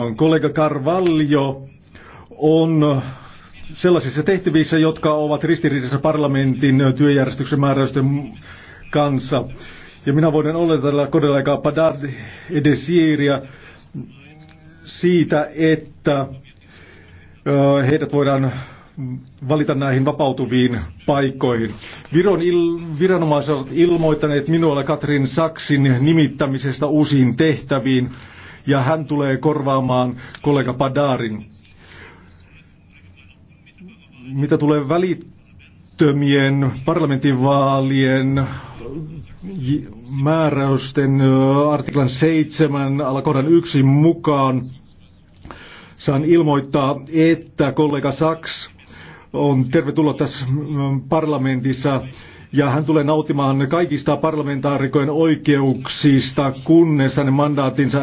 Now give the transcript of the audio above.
Äh, kollega Carvalho on äh, sellaisissa tehtävissä, jotka ovat ristiriidassa parlamentin äh, työjärjestyksen määräysten kanssa. Ja minä voin oletella Kodelaikaa Padard Edesiria siitä, että heidät voidaan valita näihin vapautuviin paikkoihin. Viron il- viranomaiset ovat ilmoittaneet minulle Katrin Saksin nimittämisestä uusiin tehtäviin ja hän tulee korvaamaan kollega Padarin. Mitä tulee välittömien parlamenttivaalien määräysten artiklan 7 alakohdan 1 mukaan, saan ilmoittaa, että kollega Saks on tervetullut tässä parlamentissa ja hän tulee nautimaan kaikista parlamentaarikojen oikeuksista, kunnes hänen mandaatinsa